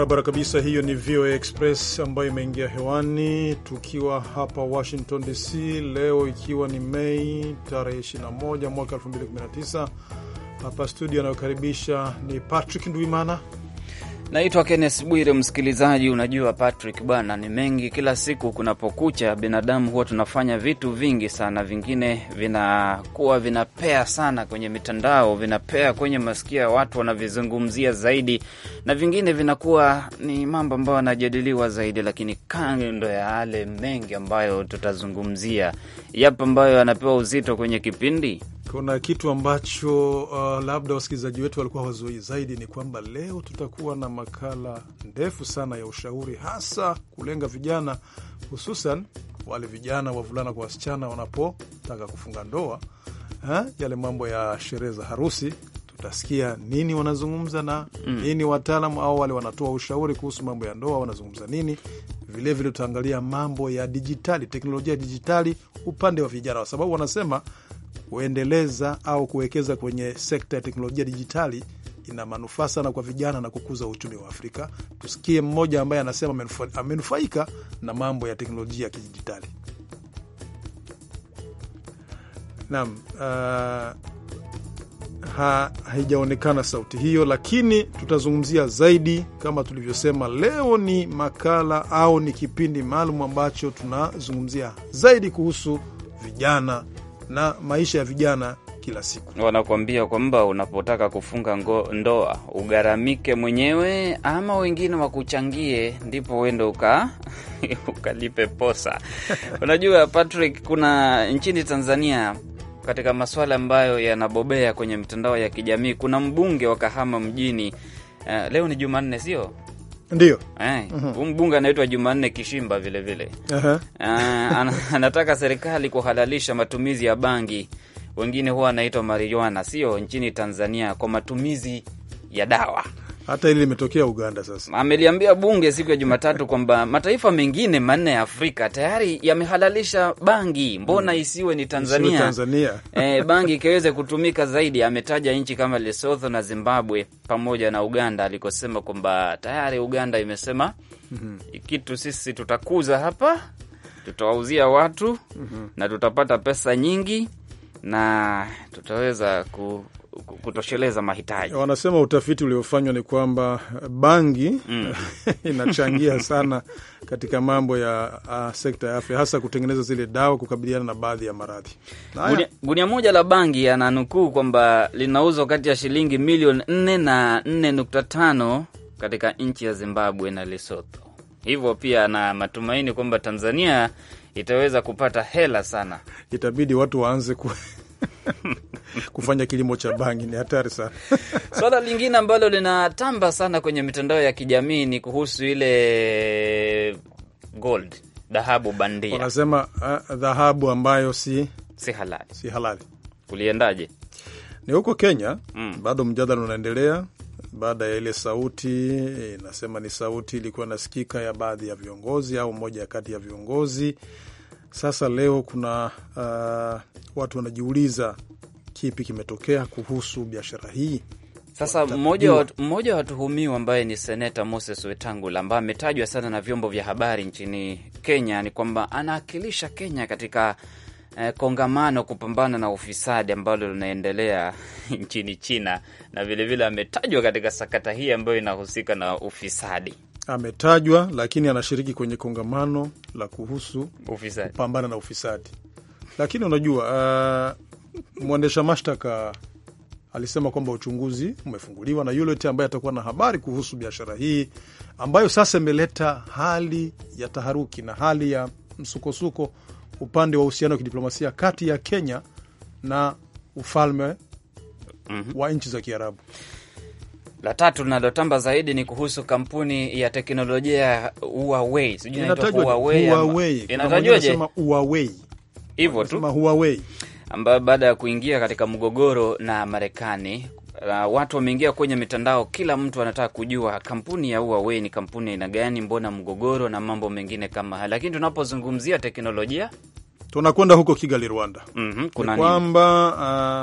barabara kabisa. Hiyo ni VOA Express ambayo imeingia hewani tukiwa hapa Washington DC leo, ikiwa ni Mei tarehe 21 mwaka 2019. Hapa studio anayokaribisha ni Patrick Ndwimana Naitwa Kennes Bwire. Msikilizaji, unajua Patrick bwana, ni mengi kila siku kunapokucha, binadamu huwa tunafanya vitu vingi sana, vingine vinakuwa vinapea sana kwenye mitandao, vinapea kwenye masikio ya watu wanavizungumzia zaidi, na vingine vinakuwa ni mambo ambayo yanajadiliwa zaidi. Lakini kando ya yale mengi ambayo tutazungumzia, yapo ambayo yanapewa uzito kwenye kipindi kuna kitu ambacho uh, labda wasikilizaji wetu walikuwa wazoi zaidi, ni kwamba leo tutakuwa na makala ndefu sana ya ushauri, hasa kulenga vijana, hususan wale vijana wavulana kwa wasichana wanapotaka kufunga ndoa ha? Yale mambo ya sherehe za harusi tutasikia nini wanazungumza na mm. nini wataalamu au wale wanatoa ushauri kuhusu mambo ya ndoa wanazungumza nini. Vilevile tutaangalia mambo ya dijitali, teknolojia ya dijitali upande wa vijana, kwa sababu wanasema kuendeleza au kuwekeza kwenye sekta ya teknolojia dijitali ina manufaa sana kwa vijana na kukuza uchumi wa Afrika. Tusikie mmoja ambaye anasema amenufaika na mambo ya teknolojia ya kidijitali. Naam, uh, ha, haijaonekana sauti hiyo, lakini tutazungumzia zaidi. Kama tulivyosema, leo ni makala au ni kipindi maalum ambacho tunazungumzia zaidi kuhusu vijana na maisha ya vijana kila siku. Wanakuambia kwamba unapotaka kufunga ngo, ndoa ugharamike mwenyewe ama wengine wakuchangie, ndipo uende uka ukalipe posa. Unajua Patrick, kuna nchini Tanzania katika masuala ambayo yanabobea kwenye mitandao ya kijamii, kuna mbunge wa Kahama mjini uh, leo ni Jumanne sio? Ndio, eh, mhm. mbunge anaitwa Jumanne Kishimba vilevile vile. Uh -huh. Uh, anataka serikali kuhalalisha matumizi ya bangi wengine huwa wanaitwa marijuana, sio nchini Tanzania, kwa matumizi ya dawa. Hata hili limetokea Uganda. Sasa ameliambia bunge siku ya Jumatatu kwamba mataifa mengine manne ya Afrika tayari yamehalalisha bangi, mbona hmm, isiwe ni Tanzania, Tanzania. E, bangi ikaweze kutumika zaidi. Ametaja nchi kama Lesotho na Zimbabwe pamoja na Uganda alikosema kwamba tayari Uganda imesema hmm, kitu sisi tutakuza hapa tutawauzia watu mm -hmm. na tutapata pesa nyingi na tutaweza ku kutosheleza mahitaji. Wanasema utafiti uliofanywa ni kwamba bangi mm. inachangia sana katika mambo ya uh, sekta ya afya, hasa kutengeneza zile dawa kukabiliana na baadhi ya maradhi. Gunia moja la bangi ananukuu kwamba linauzwa kati ya shilingi milioni nne na nne nukta tano katika nchi ya Zimbabwe na Lesotho. Hivyo pia ana matumaini kwamba Tanzania itaweza kupata hela sana, itabidi watu waanze ku kufanya kilimo cha bangi ni hatari sana. Swala lingine ambalo linatamba sana kwenye mitandao ya kijamii ni kuhusu ile gold, dhahabu bandia. Wanasema ah, dhahabu ambayo si si halali, si halali. Uliendaje? Ni huko Kenya mm. Bado mjadala unaendelea baada ya ile sauti, inasema eh, ni sauti ilikuwa nasikika ya baadhi ya viongozi au moja kati ya viongozi. Sasa leo kuna uh, watu wanajiuliza kipi kimetokea kuhusu biashara hii. Sasa mmoja wa watuhumiwa ambaye ni seneta Moses Wetangula, ambaye ametajwa sana na vyombo vya habari nchini Kenya, ni kwamba anawakilisha Kenya katika eh, kongamano kupambana na ufisadi ambalo linaendelea nchini China, na vilevile ametajwa katika sakata hii ambayo inahusika na ufisadi ametajwa lakini anashiriki kwenye kongamano la kuhusu ufisadi, kupambana na ufisadi. Lakini unajua uh, mwendesha mashtaka alisema kwamba uchunguzi umefunguliwa na yule yote ambaye atakuwa na habari kuhusu biashara hii ambayo sasa imeleta hali ya taharuki na hali ya msukosuko upande wa uhusiano wa kidiplomasia kati ya Kenya na ufalme mm -hmm. wa nchi za Kiarabu. La tatu linalotamba zaidi ni kuhusu kampuni ya teknolojia ya Huawei, sijui inaitwa Huawei, inatajwaje Huawei hivyo tu, ambayo baada ya kuingia katika mgogoro na Marekani Uh, watu wameingia kwenye mitandao, kila mtu anataka kujua kampuni ya Huawei ni kampuni ya aina gani, mbona mgogoro na mambo mengine kama haya. Lakini tunapozungumzia teknolojia tunakwenda huko Kigali, Rwanda. mm -hmm, kuna kwamba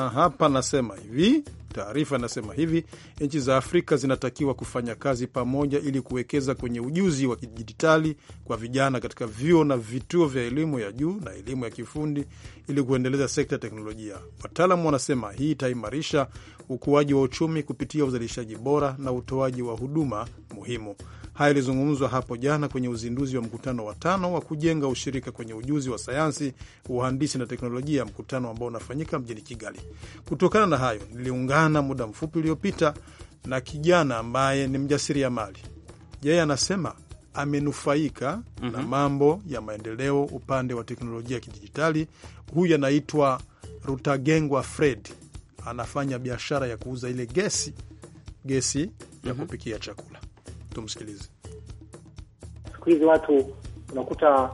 uh, hapa nasema hivi Taarifa inasema hivi: nchi za Afrika zinatakiwa kufanya kazi pamoja ili kuwekeza kwenye ujuzi wa kidijitali kwa vijana katika vyuo na vituo vya elimu ya juu na elimu ya kifundi ili kuendeleza sekta ya teknolojia. Wataalamu wanasema hii itaimarisha ukuaji wa uchumi kupitia uzalishaji bora na utoaji wa huduma muhimu. Haya ilizungumzwa hapo jana kwenye uzinduzi wa mkutano wa tano wa kujenga ushirika kwenye ujuzi wa sayansi, uhandisi na teknolojia, mkutano ambao unafanyika mjini Kigali. Kutokana na hayo niliungana jana muda mfupi uliopita na kijana ambaye ni mjasiriamali. Yeye anasema amenufaika mm -hmm. na mhm. mambo ya maendeleo upande wa teknolojia ya kidijitali. Huyu anaitwa Rutagengwa Fred, anafanya biashara ya kuuza ile gesi gesi mm -hmm. ya mhm. kupikia chakula. Tumsikilize. Siku hizi watu unakuta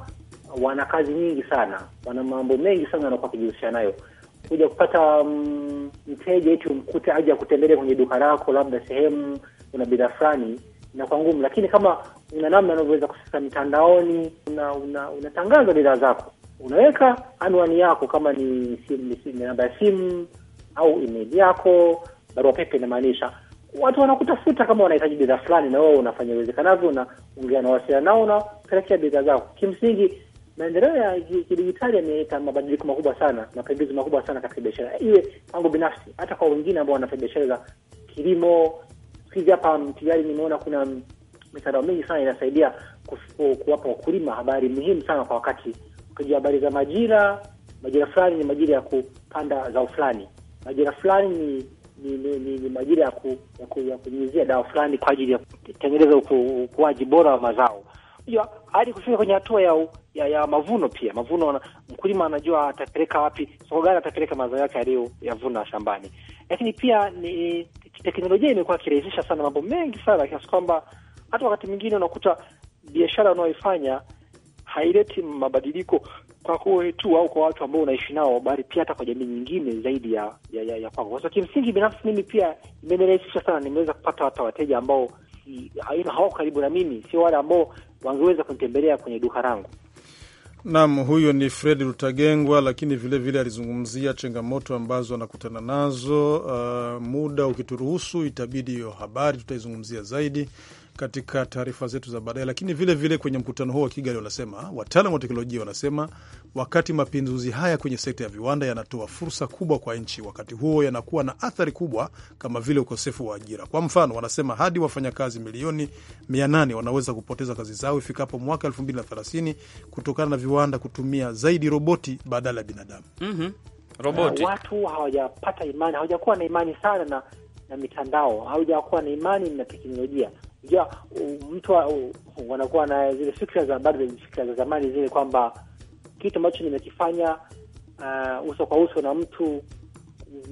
wana kazi nyingi sana, wana mambo mengi sana wanakuwa wakijihusisha nayo kuja kupata mm, mteja eti umkute aje kutembelea kwenye duka lako, labda sehemu una bidhaa fulani inakuwa ngumu, lakini kama una namna unavyoweza kusasa mitandaoni, una, una, unatangaza bidhaa zako, unaweka anwani yako kama ni simu, namba ya simu au email yako, barua pepe, inamaanisha watu wanakutafuta kama wanahitaji bidhaa fulani, na wewe unafanya uwezekanavyo, unaongea na wasiliana nao, unapelekea bidhaa zako. Kimsingi maendeleo ya kidijitali yameleta mabadiliko makubwa sana, mapinduzi makubwa sana katika biashara, iwe kwangu binafsi, hata kwa wengine ambao wanafanya biashara za kilimo. Sisi hapa mtiari nimeona kuna mitandao mingi sana inasaidia kuwapa wakulima habari muhimu sana kwa wakati. Ukijua habari za majira, majira fulani ni majira ya kupanda zao fulani, majira fulani ni ni, ni, ni, ni majira ya kunyunyizia dawa fulani kwa ajili ya kutengeneza ukuaji bora wa mazao ya hadi kufika kwenye hatua ya, ya, ya mavuno. Pia mavuno, mkulima anajua atapeleka wapi, soko gani atapeleka mazao yake aliyoyavuna shambani. Lakini pia ni teknolojia imekuwa ikirahisisha sana mambo mengi sana, kiasi kwamba hata wakati mwingine unakuta biashara unaoifanya haileti mabadiliko kwako tu au kwa watu ambao unaishi nao, bali pia hata kwa jamii nyingine zaidi ya ya, ya, ya kwangu. Kwa so, kimsingi binafsi mimi pia imenirahisisha sana, nimeweza kupata hata wateja ambao hawako karibu na mimi, sio wale ambao wangeweza kunitembelea kwenye duka langu. Naam, huyo ni Fred Rutagengwa, lakini vilevile vile alizungumzia changamoto ambazo anakutana nazo. Uh, muda ukituruhusu, itabidi hiyo habari tutaizungumzia zaidi katika taarifa zetu za baadaye. Lakini vilevile vile kwenye mkutano huo wa Kigali wanasema, wataalam wa teknolojia wanasema, wakati mapinduzi haya kwenye sekta ya viwanda yanatoa fursa kubwa kwa nchi, wakati huo yanakuwa na athari kubwa kama vile ukosefu wa ajira. Kwa mfano, wanasema hadi wafanyakazi milioni 800 wanaweza kupoteza kazi zao ifikapo mwaka 2030 kutokana na viwanda kutumia zaidi roboti badala ya binadamu. mm -hmm. Roboti. Uh, watu hawajapata imani, hawajakuwa na imani sana na na mitandao, haujakuwa na imani na teknolojia. Unajua, mtu wanakuwa na zile fikra za bado fikra za zamani zile kwamba kitu ambacho nimekifanya uh, uso kwa uso na mtu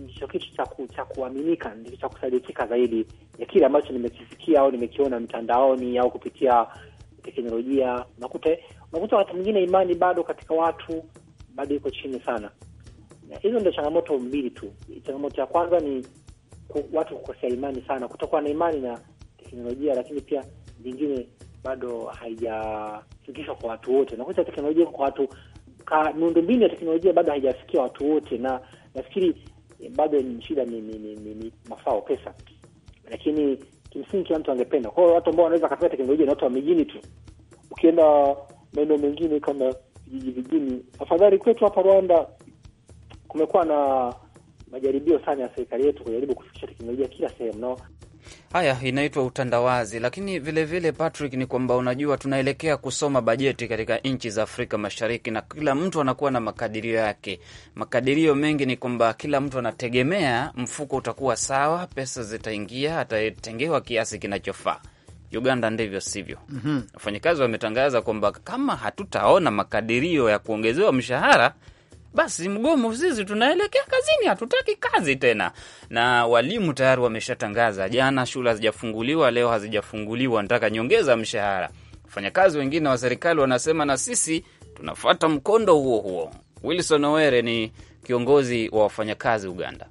ndicho kitu cha cha kuaminika, ndicho cha kusadikika zaidi ya kile ambacho nimekisikia au nimekiona mitandaoni au kupitia teknolojia. Nakute nakuta wakati mwingine imani bado katika watu bado iko chini sana. Hizo ndio changamoto mbili tu. Changamoto ya kwanza ni watu kukosea imani sana, kutokuwa na imani na teknolojia, lakini pia nyingine bado haijafikishwa kwa watu wote. Nakuta teknolojia kwa watu ka mbinu ya teknolojia bado haijafikia watu wote, na nafikiri eh, bado ni shida, ni, ni, ni, ni, ni mafao pesa, lakini kimsingi kila mtu angependa. Kwa hiyo watu ambao wanaweza katika teknolojia ni watu wa mijini tu. Ukienda maeneo mengine kama vijiji vijini afadhali kwetu hapa Rwanda kumekuwa na majaribio sana ya serikali yetu kujaribu kufikisha teknolojia kila sehemu no? Haya inaitwa utandawazi, lakini vilevile vile Patrick, ni kwamba unajua tunaelekea kusoma bajeti katika nchi za Afrika Mashariki na kila mtu anakuwa na makadirio yake. Makadirio mengi ni kwamba kila mtu anategemea mfuko utakuwa sawa, pesa zitaingia, atatengewa kiasi kinachofaa. Uganda ndivyo sivyo. mm -hmm. Wafanyakazi wametangaza kwamba kama hatutaona makadirio ya kuongezewa mshahara basi mgomo, sisi tunaelekea kazini, hatutaki kazi tena. Na walimu tayari wameshatangaza jana, shule hazijafunguliwa, leo hazijafunguliwa, nataka nyongeza mshahara. Wafanyakazi wengine wa serikali wanasema na sisi tunafuata mkondo huo huo. Wilson Owere ni kiongozi wa wafanyakazi Uganda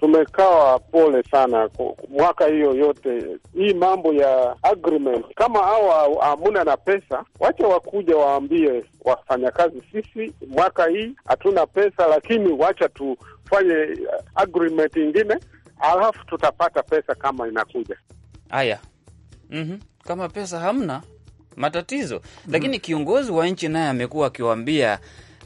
tumekawa pole sana mwaka hiyo yote. Hii mambo ya agreement, kama hawa hamuna na pesa, wacha wakuja waambie wafanyakazi, sisi mwaka hii hatuna pesa, lakini wacha tufanye uh, agreement ingine, alafu tutapata pesa kama inakuja. Haya, mm -hmm. Kama pesa hamna matatizo, mm -hmm. Lakini mhm. kiongozi wa nchi naye amekuwa akiwaambia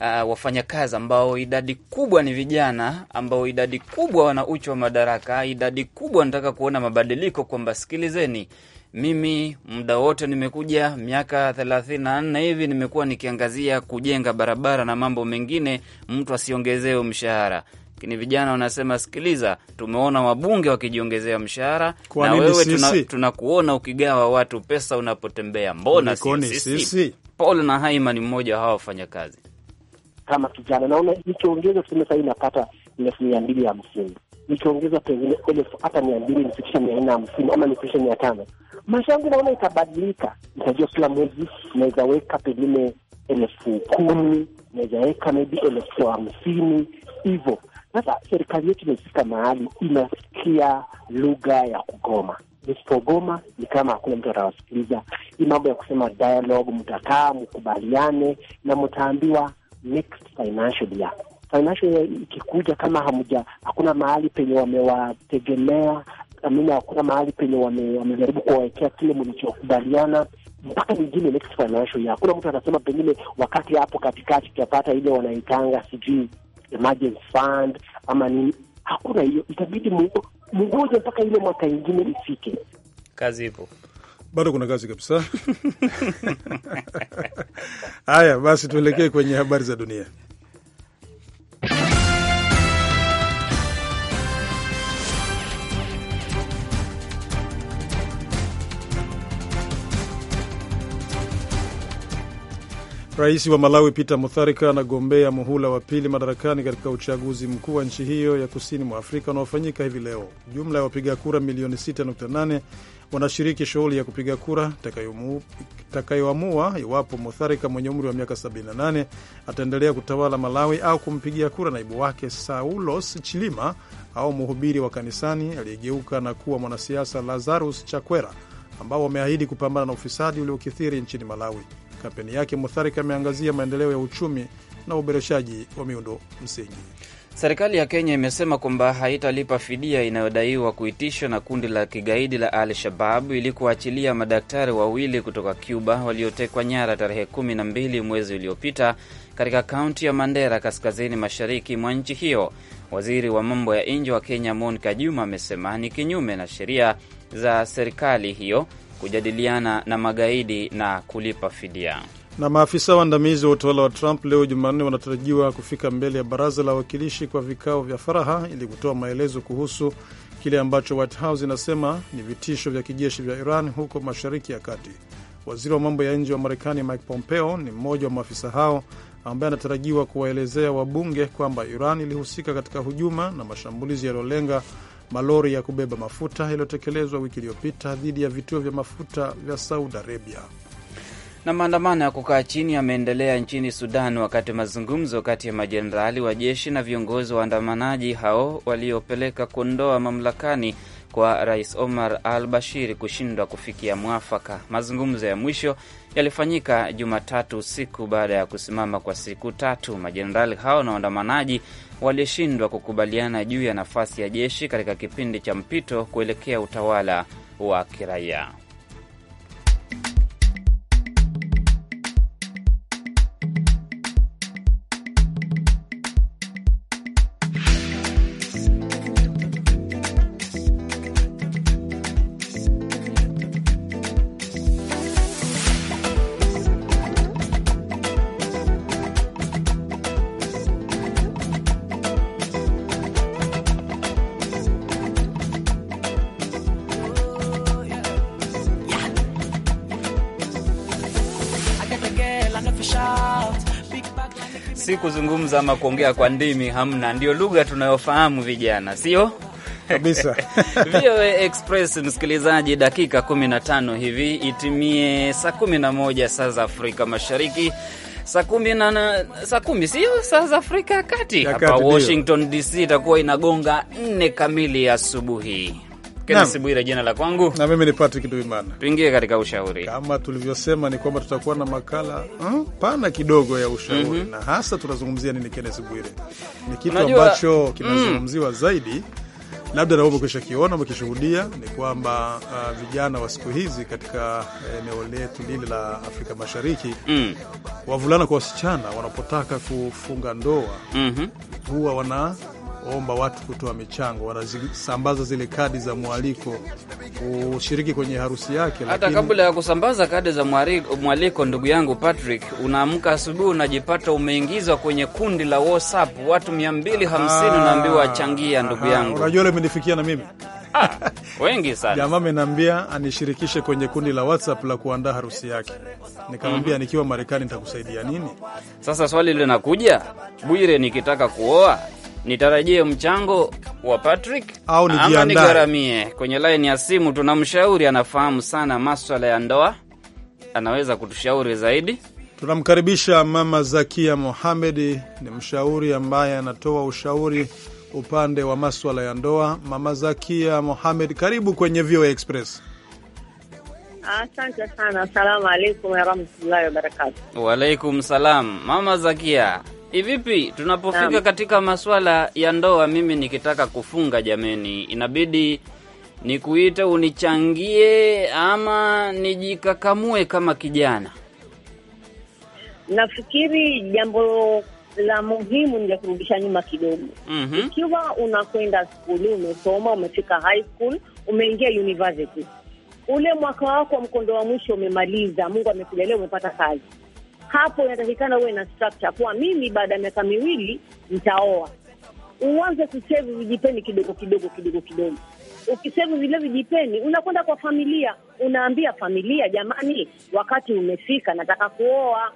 uh, wafanyakazi ambao idadi kubwa ni vijana ambao idadi kubwa wana uchu wa madaraka, idadi kubwa nataka kuona mabadiliko, kwamba sikilizeni, mimi muda wote nimekuja miaka thelathini na nne hivi nimekuwa nikiangazia kujenga barabara na mambo mengine, mtu asiongezewe mshahara lakini vijana wanasema sikiliza, tumeona wabunge wakijiongezea mshahara na wewe tunakuona tuna, ukigawa watu pesa unapotembea, mbona sisi? Paul na Haiman ni mmoja wa hawa wafanyakazi kama kijana, naona nikiongeza tuseme saa hii napata elfu mia mbili hamsini nikiongeza pengine elfu hata mia mbili nifikisha mia nne hamsini ama nifikisha mia tano maisha yangu naona itabadilika. Nitajua kila mwezi naweza weka pengine elfu kumi naweza weka maybe elfu hamsini hivo. Sasa serikali yetu imefika mahali inasikia lugha ya kugoma. Nisipogoma ni kama hakuna mtu atawasikiliza. Hii mambo ya kusema dialogue, mtakaa mkubaliane na mtaambiwa ikikuja, kama hamuja, hakuna mahali penye wamewategemea amina, hakuna mahali penye wamejaribu kuwawekea kile mlichokubaliana mpaka nyingine next financial year. Hakuna mtu anasema pengine wakati hapo katikati tutapata ile wanaitanga sijui emergency fund ama nini. Hakuna hiyo, itabidi mungoje mpaka ile mwaka ingine ifike. Kazi ipo bado kuna kazi kabisa. Haya basi, tuelekee kwenye habari za dunia. Rais wa Malawi Peter Mutharika anagombea muhula wa pili madarakani katika uchaguzi mkuu wa nchi hiyo ya kusini mwa Afrika unaofanyika hivi leo. Jumla ya wapiga kura milioni 6.8 wanashiriki shughuli ya kupiga kura itakayoamua iwapo Mutharika mwenye umri wa miaka 78 ataendelea kutawala Malawi au kumpigia kura naibu wake Saulos Chilima au mhubiri wa kanisani aliyegeuka na kuwa mwanasiasa Lazarus Chakwera, ambao wameahidi kupambana na ufisadi uliokithiri nchini Malawi. Kampeni yake Mutharika ameangazia maendeleo ya uchumi na uboreshaji wa miundo msingi. Serikali ya Kenya imesema kwamba haitalipa fidia inayodaiwa kuitishwa na kundi la kigaidi la Al Shabab ili kuachilia madaktari wawili kutoka Cuba waliotekwa nyara tarehe kumi na mbili mwezi uliopita katika kaunti ya Mandera, kaskazini mashariki mwa nchi hiyo. Waziri wa mambo ya nje wa Kenya Monica Juma amesema ni kinyume na sheria za serikali hiyo kujadiliana na magaidi na kulipa fidia. Na maafisa waandamizi wa utawala wa Trump leo Jumanne wanatarajiwa kufika mbele ya baraza la wawakilishi kwa vikao vya faraha ili kutoa maelezo kuhusu kile ambacho White House inasema ni vitisho vya kijeshi vya Iran huko Mashariki ya Kati. Waziri wa mambo ya nje wa Marekani Mike Pompeo ni mmoja wa maafisa hao ambaye anatarajiwa kuwaelezea wabunge kwamba Iran ilihusika katika hujuma na mashambulizi yaliyolenga malori ya kubeba mafuta yaliyotekelezwa wiki iliyopita dhidi ya vituo vya mafuta vya Saudi Arabia. Na maandamano ya kukaa chini yameendelea nchini Sudan wakati mazungumzo kati ya majenerali wa jeshi na viongozi wa waandamanaji hao waliopeleka kuondoa mamlakani kwa Rais Omar al Bashir kushindwa kufikia mwafaka. Mazungumzo ya mwisho yalifanyika Jumatatu usiku baada ya kusimama kwa siku tatu. Majenerali hao na waandamanaji walishindwa kukubaliana juu ya nafasi ya jeshi katika kipindi cha mpito kuelekea utawala wa kiraia. kama kuongea kwa ndimi hamna, ndio lugha tunayofahamu vijana, sio? Kabisa. VOA Express msikilizaji, dakika 15 hivi itimie saa 11 saa za Afrika Mashariki, saa kumi na saa kumi sio saa za Afrika ya Kati. Hapa Washington DC itakuwa inagonga nne kamili asubuhi. Kenesi Bwire jina la kwangu, na mimi ni Patrick Duimana. Tuingie katika ushauri. Kama tulivyosema ni kwamba tutakuwa na makala hmm, pana kidogo ya ushauri mm -hmm. na hasa tunazungumzia nini, Kenesi Bwire? Ni kitu Unajua... ambacho mm. kinazungumziwa mm. zaidi labda na umekwisha kiona, umekishuhudia, ni kwamba uh, vijana wa siku hizi katika eneo eh, letu lile la Afrika Mashariki mm. wavulana kwa wasichana wanapotaka kufunga ndoa mm -hmm. huwa wana omba watu kutoa michango, wanazisambaza zile kadi za mwaliko ushiriki kwenye harusi yake. Hata lakini... kabla ya kusambaza kadi za mwaliko, ndugu yangu Patrick, unaamka asubuhi unajipata umeingizwa kwenye kundi la WhatsApp watu 250 ah, unaambiwa wachangia. Ndugu yangu, unajua umenifikia na mimi Ah, wengi sana. Jamaa amenambia anishirikishe kwenye kundi la WhatsApp la kuandaa harusi yake. Nikamwambia, mhm. Nikiwa Marekani nitakusaidia nini? Sasa swali linakuja, Bwire, nikitaka kuoa nitarajie mchango wa Patrick au nigaramie? Kwenye laini ya simu tunamshauri, anafahamu sana maswala ya ndoa, anaweza kutushauri zaidi. Tunamkaribisha Mama Zakia Mohamedi, ni mshauri ambaye anatoa ushauri upande wa maswala ya ndoa. Mama Zakia Mohamed, karibu kwenye VOA Express. Asante sana. Asalamu alaikum warahmatullahi wabarakatu. Waalaikum salam. Mama Zakia, Hivipi tunapofika Naam. katika masuala ya ndoa, mimi nikitaka kufunga, jameni, inabidi nikuite unichangie ama nijikakamue kama kijana? Nafikiri jambo la muhimu ni la kurudisha nyuma kidogo. mm -hmm. Ikiwa unakwenda skuli, umesoma, umefika high school, umeingia university, ule mwaka wako mkondo wa mwisho umemaliza, Mungu amekujalia, umepata kazi hapo inatakikana uwe na structure kuwa mimi baada ya miaka miwili nitaoa. Uanze kusevu vijipeni kidogo kidogo kidogo kidogo. Ukisevu vile vijipeni, unakwenda kwa familia, unaambia familia, jamani, wakati umefika, nataka kuoa,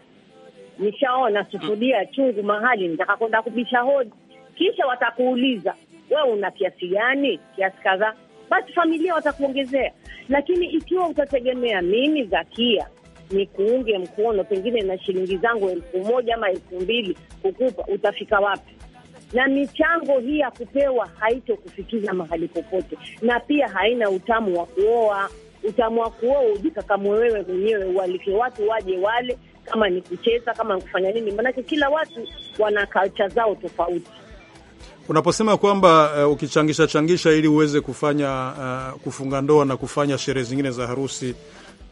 nishaona sufuria chungu mahali, nitaka kwenda kubisha hodi. Kisha watakuuliza we una kiasi gani, kiasi kadhaa, basi familia watakuongezea. Lakini ikiwa utategemea mimi Zakia ni kuunge mkono, pengine na shilingi zangu elfu moja ama elfu mbili kukupa, utafika wapi? Na michango hii ya kupewa haitokufikiza mahali popote, na pia haina utamu wa kuoa. Utamu wa kuoa ujikakamwe wewe mwenyewe, ualike watu waje wale, kama ni kucheza, kama ni kufanya nini, maanake kila watu wana kalcha zao tofauti. Unaposema kwamba uh, eh, ukichangisha changisha ili uweze kufanya uh, kufunga ndoa na kufanya sherehe zingine za harusi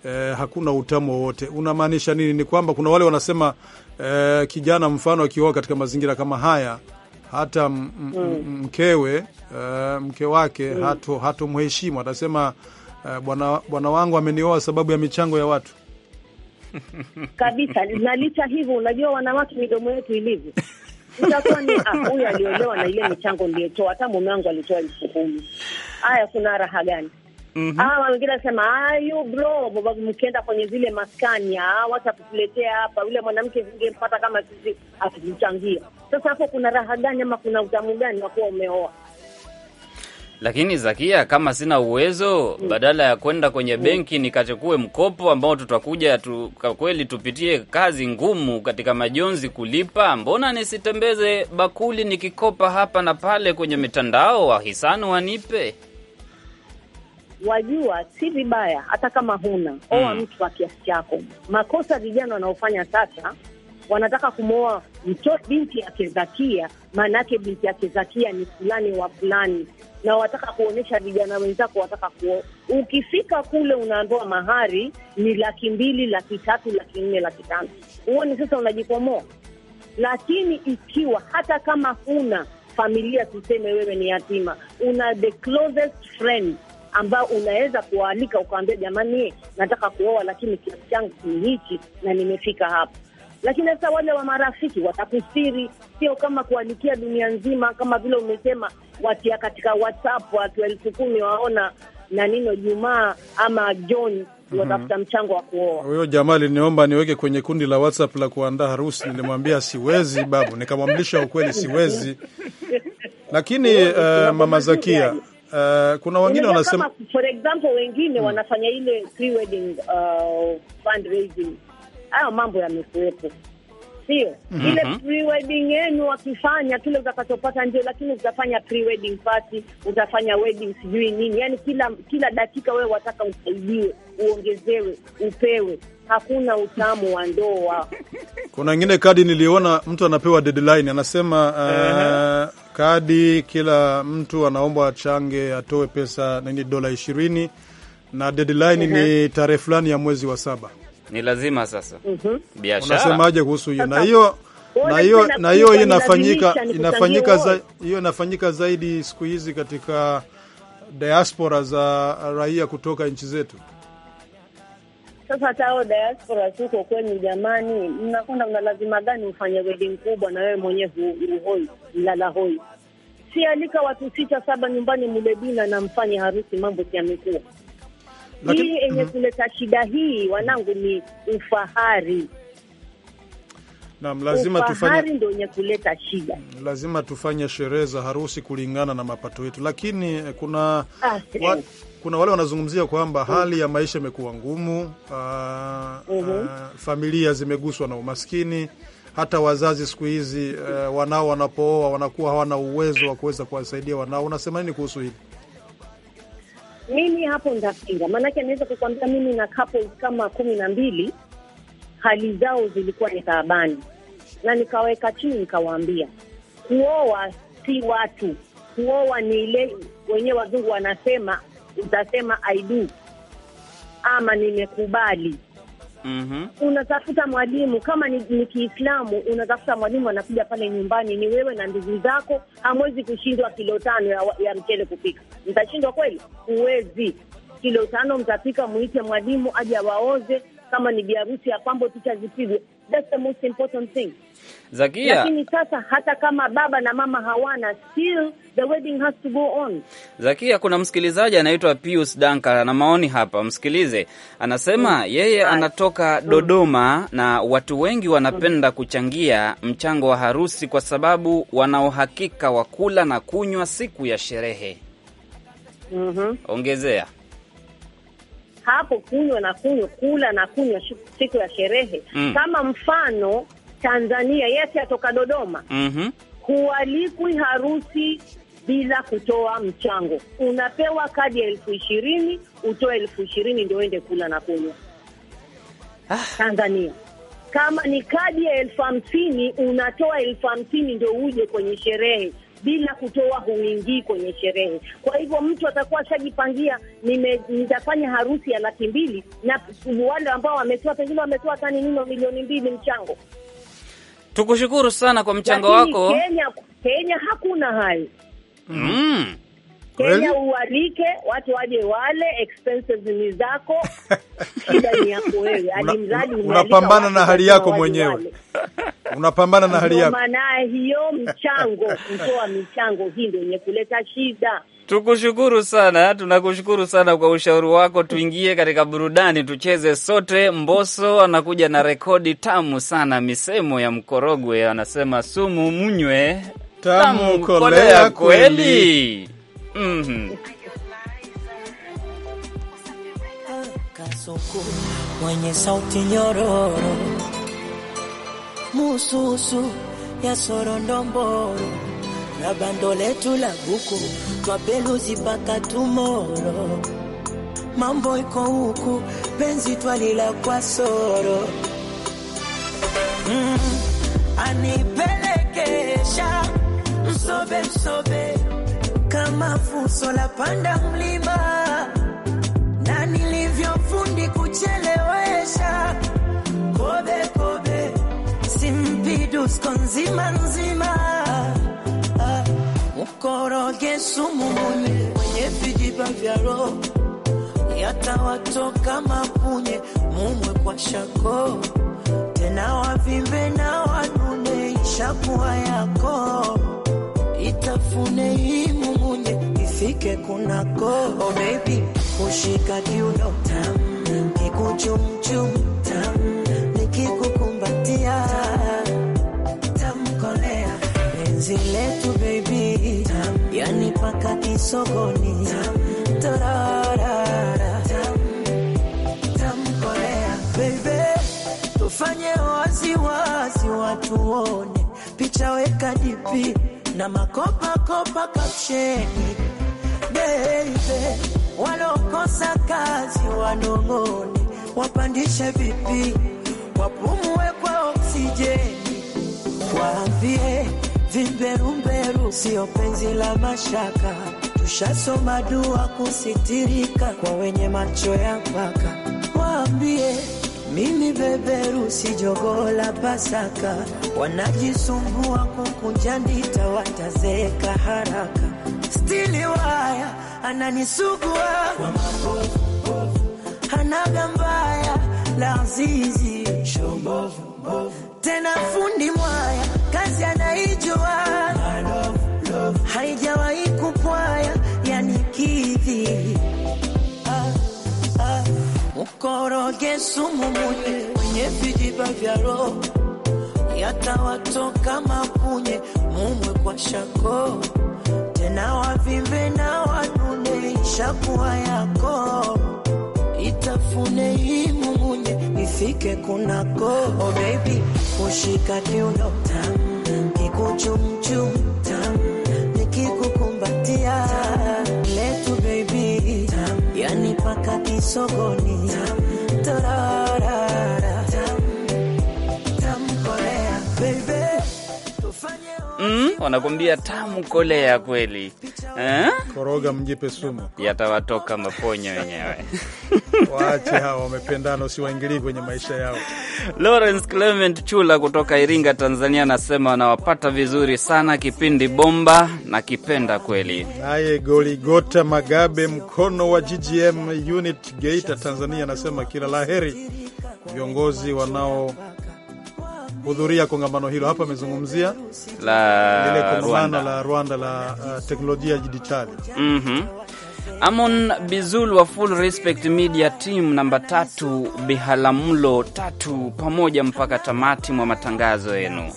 eh, hakuna utamu wowote. Unamaanisha nini? Ni kwamba kuna wale wanasema eh, kijana mfano akioa katika mazingira kama haya hata m -m mm. mkewe eh, mke wake mm. hato hatomheshimu atasema, eh, bwana bwana wangu amenioa sababu ya michango ya watu kabisa. Na licha hivyo, unajua wanawake midomo yetu ilivyo, itakuwa ni ah, huyu aliolewa na ile michango niliyetoa, hata mume wangu alitoa elfu kumi. Haya, kuna raha gani? Mm -hmm. Ah, Hawa wengine anasema ayu ah, bro, babu, mkienda kwenye zile maskani ah, wacha kutuletea hapa, yule mwanamke zingempata kama sisi hatukuchangia. Sasa hapo kuna raha gani ama kuna utamu gani wa kuwa umeoa? Lakini Zakia, kama sina uwezo mm, badala ya kwenda kwenye mm, benki nikachukue mkopo ambao tutakuja tu, kwa kweli tupitie kazi ngumu katika majonzi kulipa, mbona nisitembeze bakuli nikikopa hapa na pale kwenye mitandao, wahisani wanipe wajua si vibaya hata kama huna oa mm. mtu wa kiasi chako. Makosa vijana wanaofanya sasa, wanataka kumwoa binti yake Zakia, maana yake binti yake Zakia ni fulani wa fulani, na wataka kuonyesha vijana wenzako, wataka ku Ukifika kule unaambiwa mahari ni laki mbili, laki tatu, laki nne, laki tano. Huoni sasa unajikomoa? Lakini ikiwa hata kama huna familia, tuseme wewe ni yatima, una the closest friend ambao unaweza kuwaalika ukawambia, jamani, nataka kuoa, lakini kiasi changu ni hichi na nimefika hapa. Lakini sasa wale wa marafiki watakustiri, sio kama kualikia dunia nzima, kama vile umesema, watia katika WhatsApp watu elfu kumi waona na nino Jumaa ama John mhm. watafuta mchango wa kuoa huyo jamaa. Aliniomba niweke kwenye kundi la WhatsApp la kuandaa harusi, nilimwambia siwezi babu, nikamwamlisha ukweli, siwezi. Lakini uh, mama Zakia Uh, kuna wengine wanasema for example wengine hmm, wanafanya ile pre-wedding uh, fundraising. Hayo mambo yamekuwepo, sio mm -hmm. Ile pre-wedding yenu wakifanya kile utakachopata ndio, lakini utafanya pre-wedding party, utafanya wedding sijui nini, yani kila kila dakika wewe wataka usaidiwe, uongezewe, upewe hakuna utamu wa ndoa. Kuna wengine kadi niliona mtu anapewa deadline, anasema uh, uh-huh. kadi kila mtu anaomba achange atoe pesa nini, dola ishirini na deadline uh-huh. ni tarehe fulani ya mwezi wa saba. Ni lazima sasa uh-huh. biashara. Unasemaje kuhusu hiyo? na hiyo na hiyo na hiyo inafanyika inafanyika hiyo inafanyika zaidi siku hizi katika diaspora za raia kutoka nchi zetu. Sasa hao diaspora tuko kwenu jamani, mnakwenda mna lazima gani ufanye wedding kubwa na wewe mwenyewe huhoi mlala hoi? sialika watu sita saba nyumbani mulebina na mfanye harusi, mambo si hii yenye mm -hmm. kuleta shida hii wanangu ni ufahari. Naam, lazima tufanye ndio yenye kuleta shida. Lazima tufanye sherehe za harusi kulingana na mapato yetu, lakini eh, kuna ah, wa, kuna wale wanazungumzia kwamba mm. hali ya maisha imekuwa ngumu, aa, uh, mm-hmm. ah, familia zimeguswa na umaskini, hata wazazi siku hizi uh, wanao wanapooa wanakuwa hawana uwezo wa kuweza kuwasaidia wanao. Unasema nini kuhusu hili? Mimi hapo ndapinga, maanake anaweza kukwambia mimi na couples kama kumi na mbili hali zao zilikuwa ni taabani, na nikaweka chini nikawaambia, kuoa si watu, kuoa ni ile wenyewe wazungu wanasema utasema I do ama nimekubali. Mm -hmm. Unatafuta mwalimu kama ni, ni Kiislamu, unatafuta mwalimu anakuja pale nyumbani, ni wewe na ndugu zako. Hamwezi kushindwa kilo tano ya, ya mchele kupika. Mtashindwa kweli? Huwezi. Kilo tano mtapika, mwite mwalimu aje awaoze. Kama ni biarusi ya kwambo, picha zipigwe. That's the most important thing. Zakia. Lakini sasa hata kama baba na mama hawana still the wedding has to go on. Zakia, kuna msikilizaji anaitwa Pius Danka ana maoni hapa, msikilize. Anasema mm, yeye anatoka mm. Dodoma mm, na watu wengi wanapenda mm, kuchangia mchango wa harusi kwa sababu wana uhakika wa kula na kunywa siku ya sherehe. Mm -hmm. Ongezea hapo kunywa na kunywa, kula na kunywa siku ya sherehe mm. Kama mfano Tanzania, yesi atoka Dodoma mm -hmm. Hualikwi harusi bila kutoa mchango. Unapewa kadi ya elfu ishirini utoe elfu ishirini ndio uende kula na kunywa ah. Tanzania kama ni kadi ya elfu hamsini unatoa elfu hamsini ndio uje kwenye sherehe bila kutoa huingii kwenye sherehe. Kwa hivyo mtu atakuwa ashajipangia, nitafanya harusi ya laki mbili na wale ambao wametoa pengine wametoa tani nino milioni mbili mchango. Tukushukuru sana kwa mchango wakokenya wako Kenya, Kenya hakuna hayo mm. Kenya ualike watu waje wale, expenses ni zako, shida ni yako wewe. Alimradi yaani unapambana na hali yako mwenyewe, unapambana na hali yako. Maana hiyo mchango, mtoa michango hii ndio yenye kuleta shida. Tukushukuru sana, tunakushukuru sana kwa ushauri wako. Tuingie katika burudani, tucheze sote. Mboso anakuja na rekodi tamu sana, misemo ya Mkorogwe anasema, sumu mnywe tamu, tamu kolea kweli, kweli mwenye sauti nyororo ya sorondomboro Na bando letu la buku twapeluzi beluzi paka tumoro, mambo iko huku, penzi twalila kwa soro. Mm, anipelekesha msobe msobe kama fuso la panda mlima na nilivyofundi kuchelewesha kobe kobe simpidusko nzima nzima ah, sumu mwenye mwenye vijiba vya roho yatawatoka mapunye mumwe kwa shako tena wavimbe na wanune ishakuwa yako itafune imungunye ifike kunako oh baby kushika kiuno kikuchumchum nikikukumbatia tamkolea penzi letu baby yani paka kisogoni torarara tamkolea baby tufanye waziwazi watuone picha weka dipi na makopa kopa kapsheni bebe, walokosa kazi wanongoni wapandishe vipi, wapumue kwa oksijeni, waambie vimberumberu sio penzi la mashaka, tushasoma dua kusitirika kwa wenye macho ya mpaka, waambie mimi beberusi jogoo Pasaka, wanajisumbua kukunja ndita, watazeka haraka. Stili waya ananisugua kwa mabovu, la tena fundi mwaya, kazi anaijua haijawahi kupwaya, yani kidhi ukoroge sumu munye kwenye vijiba vya roho, yatawatoka mapunye mumwe kwa shako tena wavimbe na wanune, shakuwa yako itafune hii mumunye ifike kunako. Oh baby kushika kiuno kikuchumchum nikikukumbatia letu baby, yani paka kisogoni Mm, wanakwambia tamu kolea kweli eh? Koroga mjipe sumu yatawatoka maponyo wenyewe. Waache hawa wamependana, usiwaingilii kwenye maisha yao. Lawrence Clement Chula kutoka Iringa, Tanzania anasema anawapata vizuri sana kipindi bomba na kipenda kweli. Naye Goligota Magabe mkono wa GGM unit Geita, Tanzania anasema kila laheri viongozi wanao kuhudhuria kongamano hilo. Hapa amezungumzia la kongamano la Rwanda la uh, teknolojia dijitali mm -hmm. Amon Bizul wa Full Respect Media Team namba tatu Bihalamulo tatu pamoja mpaka tamati mwa matangazo yenu.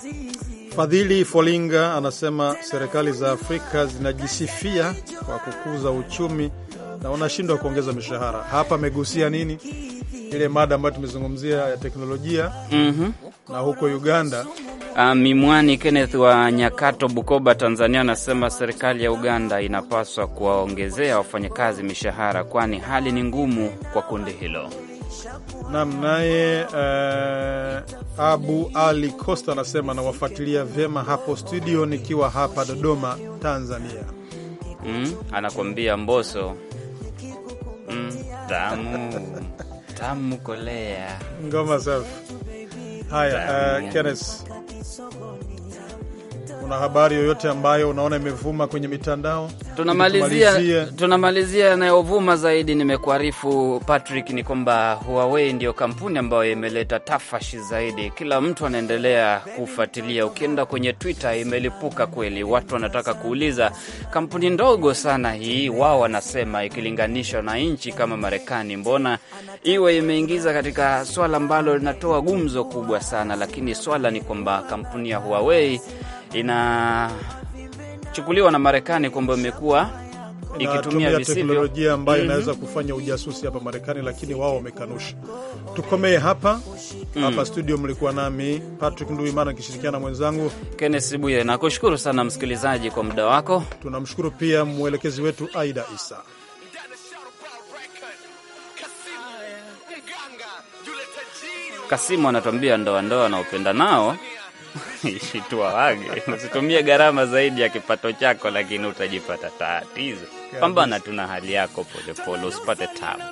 Fadhili Folinga anasema serikali za Afrika zinajisifia kwa kukuza uchumi na wanashindwa kuongeza mishahara. Hapa amegusia nini? Ile mada ambayo tumezungumzia ya teknolojia mm -hmm. Na huko Uganda Mimwani Kenneth wa Nyakato, Bukoba, Tanzania, anasema serikali ya Uganda inapaswa kuwaongezea wafanyakazi mishahara, kwani hali ni ngumu kwa kundi hilo. Nam naye uh, Abu Ali Costa anasema anawafuatilia vyema hapo studio nikiwa hapa Dodoma, Tanzania. Mm, anakuambia Mboso mm, tamu tamu kolea ngoma safi Haya, uh, Kenneth Kuna habari yoyote ambayo unaona imevuma kwenye mitandao? Tunamalizia tunamalizia yanayovuma zaidi. Nimekuarifu Patrick ni kwamba Huawei ndiyo kampuni ambayo imeleta tafashi zaidi, kila mtu anaendelea kufuatilia. Ukienda kwenye Twitter imelipuka kweli, watu wanataka kuuliza kampuni ndogo sana hii, wao wanasema ikilinganishwa na nchi kama Marekani, mbona iwe imeingiza katika swala ambalo linatoa gumzo kubwa sana, lakini swala ni kwamba kampuni ya Huawei inachukuliwa na Marekani kwamba imekuwa ikitumia teknolojia ambayo mhm. inaweza mm -hmm. kufanya ujasusi hapa Marekani, lakini wao wamekanusha. Tukomee hapa mm. Hapa studio mlikuwa nami Patrick Nduimana akishirikiana na mwenzangu Kennes Buye. Nakushukuru sana msikilizaji kwa muda wako. Tunamshukuru pia mwelekezi wetu Aida Isa. Kasimu anatuambia ndoa ndoa anaopenda nao wage usitumie gharama zaidi ya kipato chako, lakini utajipata tatizo. Pambana tuna hali yako polepole, usipate tabu.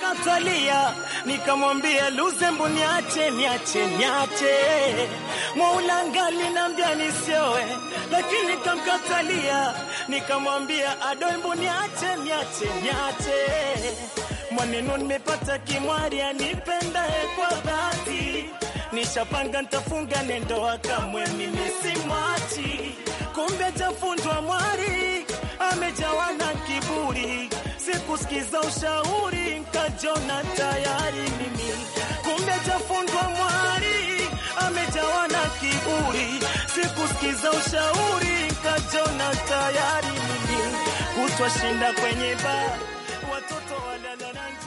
Katalia nikamwambia Luzembo, niache niache niache. ngali linambia nisioe, lakini kamkatalia. Nikamwambia Adoimbo, niache niache niache. Mwaneno nimepata kimwari, anipendae kwa dhati nishapanga ntafunga nendo wakamwe, mimi simwachi. Kumbe jafundwa mwari, amejawa na kiburi, sikusikiza ushauri, nkajona tayari mimi. Kumbe jafundwa mwari, amejawa na kiburi, sikusikiza ushauri, nkajona tayari mimi. Kutwa shinda kwenye ba watoto walala